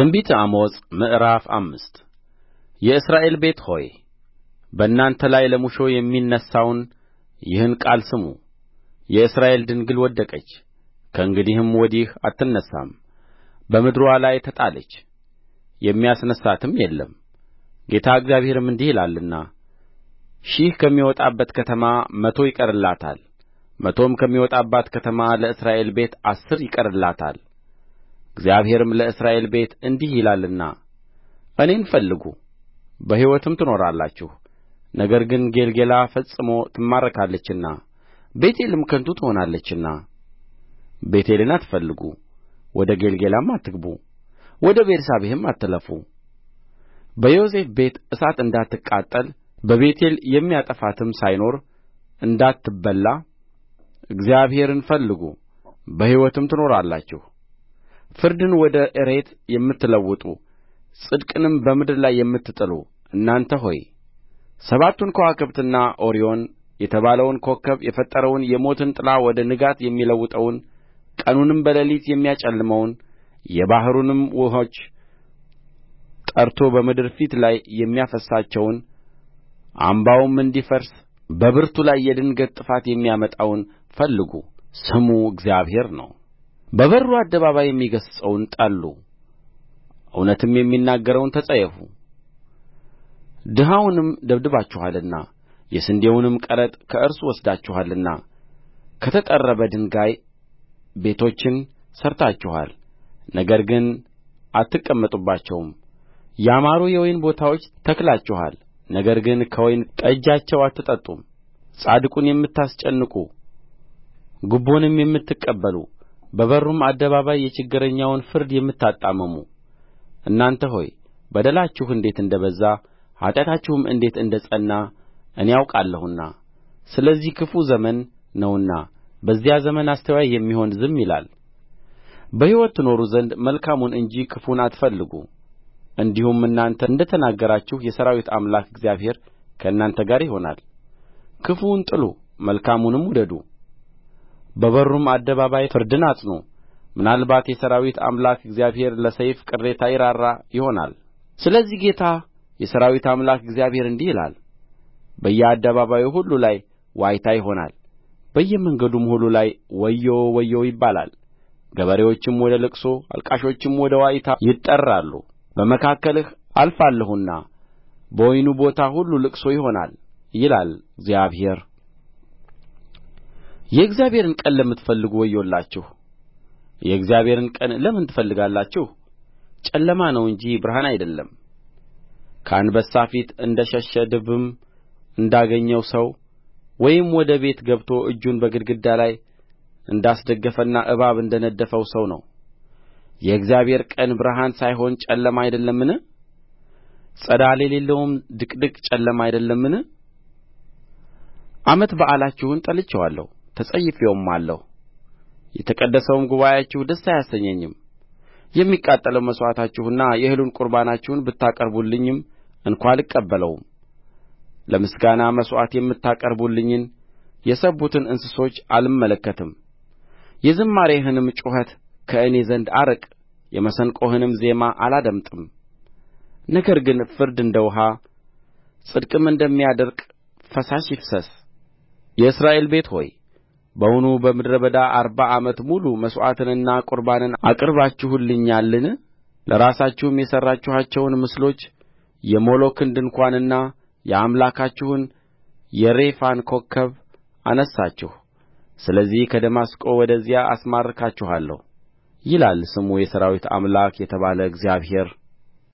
ትንቢተ አሞጽ ምዕራፍ አምስት የእስራኤል ቤት ሆይ በእናንተ ላይ ለሙሾ የሚነሣውን ይህን ቃል ስሙ የእስራኤል ድንግል ወደቀች ከእንግዲህም ወዲህ አትነሣም በምድርዋ ላይ ተጣለች የሚያስነሣትም የለም ጌታ እግዚአብሔርም እንዲህ ይላልና ሺህ ከሚወጣባት ከተማ መቶ ይቀርላታል መቶም ከሚወጣባት ከተማ ለእስራኤል ቤት አሥር ይቀርላታል እግዚአብሔርም ለእስራኤል ቤት እንዲህ ይላልና እኔን ፈልጉ በሕይወትም ትኖራላችሁ ነገር ግን ጌልገላ ፈጽሞ ትማረካለችና ቤቴልም ከንቱ ትሆናለችና ቤቴልን አትፈልጉ ወደ ጌልገላም አትግቡ ወደ ቤርሳቤህም አትለፉ በዮሴፍ ቤት እሳት እንዳትቃጠል በቤቴል የሚያጠፋትም ሳይኖር እንዳትበላ እግዚአብሔርን ፈልጉ በሕይወትም ትኖራላችሁ ፍርድን ወደ እሬት የምትለውጡ ጽድቅንም በምድር ላይ የምትጥሉ እናንተ ሆይ ሰባቱን ከዋክብትና ኦሪዮን የተባለውን ኮከብ የፈጠረውን የሞትን ጥላ ወደ ንጋት የሚለውጠውን ቀኑንም በሌሊት የሚያጨልመውን የባሕሩንም ውኆች ጠርቶ በምድር ፊት ላይ የሚያፈስሳቸውን አምባውም እንዲፈርስ በብርቱ ላይ የድንገት ጥፋት የሚያመጣውን ፈልጉ ስሙ እግዚአብሔር ነው በበሩ አደባባይ የሚገሥጸውን ጠሉ እውነትም የሚናገረውን ተጸየፉ ድሀውንም ደብድባችኋልና የስንዴውንም ቀረጥ ከእርሱ ወስዳችኋልና ከተጠረበ ድንጋይ ቤቶችን ሠርታችኋል ነገር ግን አትቀመጡባቸውም ያማሩ የወይን ቦታዎች ተክላችኋል ነገር ግን ከወይን ጠጃቸው አትጠጡም ጻድቁን የምታስጨንቁ ጉቦንም የምትቀበሉ በበሩም አደባባይ የችግረኛውን ፍርድ የምታጣምሙ እናንተ ሆይ በደላችሁ እንዴት እንደ በዛ ኃጢአታችሁም እንዴት እንደ ጸና እኔ አውቃለሁና ስለዚህ ክፉ ዘመን ነውና በዚያ ዘመን አስተዋይ የሚሆን ዝም ይላል በሕይወት ትኖሩ ዘንድ መልካሙን እንጂ ክፉን አትፈልጉ እንዲሁም እናንተ እንደ ተናገራችሁ የሠራዊት አምላክ እግዚአብሔር ከእናንተ ጋር ይሆናል ክፉውን ጥሉ መልካሙንም ውደዱ በበሩም አደባባይ ፍርድን አጽኑ ምናልባት የሠራዊት አምላክ እግዚአብሔር ለሰይፍ ቅሬታ ይራራ ይሆናል ስለዚህ ጌታ የሠራዊት አምላክ እግዚአብሔር እንዲህ ይላል በየአደባባዩ ሁሉ ላይ ዋይታ ይሆናል በየመንገዱም ሁሉ ላይ ወዮ ወዮ ይባላል ገበሬዎችም ወደ ልቅሶ አልቃሾችም ወደ ዋይታ ይጠራሉ በመካከልህ አልፋለሁና በወይኑ ቦታ ሁሉ ልቅሶ ይሆናል ይላል እግዚአብሔር የእግዚአብሔርን ቀን ለምትፈልጉ ወዮላችሁ የእግዚአብሔርን ቀን ለምን ትፈልጋላችሁ ጨለማ ነው እንጂ ብርሃን አይደለም ከአንበሳ ፊት እንደ ሸሸ ድብም እንዳገኘው ሰው ወይም ወደ ቤት ገብቶ እጁን በግድግዳ ላይ እንዳስደገፈና እባብ እንደ ነደፈው ሰው ነው የእግዚአብሔር ቀን ብርሃን ሳይሆን ጨለማ አይደለምን ፀዳል የሌለውም ድቅድቅ ጨለማ አይደለምን ዓመት በዓላችሁን ጠልቼዋለሁ ተጸይፌውማለሁ የተቀደሰውም ጉባኤአችሁ ደስ አያሰኘኝም የሚቃጠለው መሥዋዕታችሁና የእህሉን ቍርባናችሁን ብታቀርቡልኝም እንኳ አልቀበለውም ለምስጋና መሥዋዕት የምታቀርቡልኝን የሰቡትን እንስሶች አልመለከትም የዝማሬህንም ጩኸት ከእኔ ዘንድ አርቅ የመሰንቆህንም ዜማ አላደምጥም ነገር ግን ፍርድ እንደ ውኃ ጽድቅም እንደሚያደርቅ ፈሳሽ ይፍሰስ የእስራኤል ቤት ሆይ በውኑ በምድረ በዳ አርባ ዓመት ሙሉ መሥዋዕትንና ቍርባንን አቅርባችሁልኛልን ለራሳችሁም የሠራችኋቸውን ምስሎች የሞሎክን ድንኳንና የአምላካችሁን የሬፋን ኮከብ አነሣችሁ ስለዚህ ከደማስቆ ወደዚያ አስማርካችኋለሁ ይላል ስሙ የሠራዊት አምላክ የተባለ እግዚአብሔር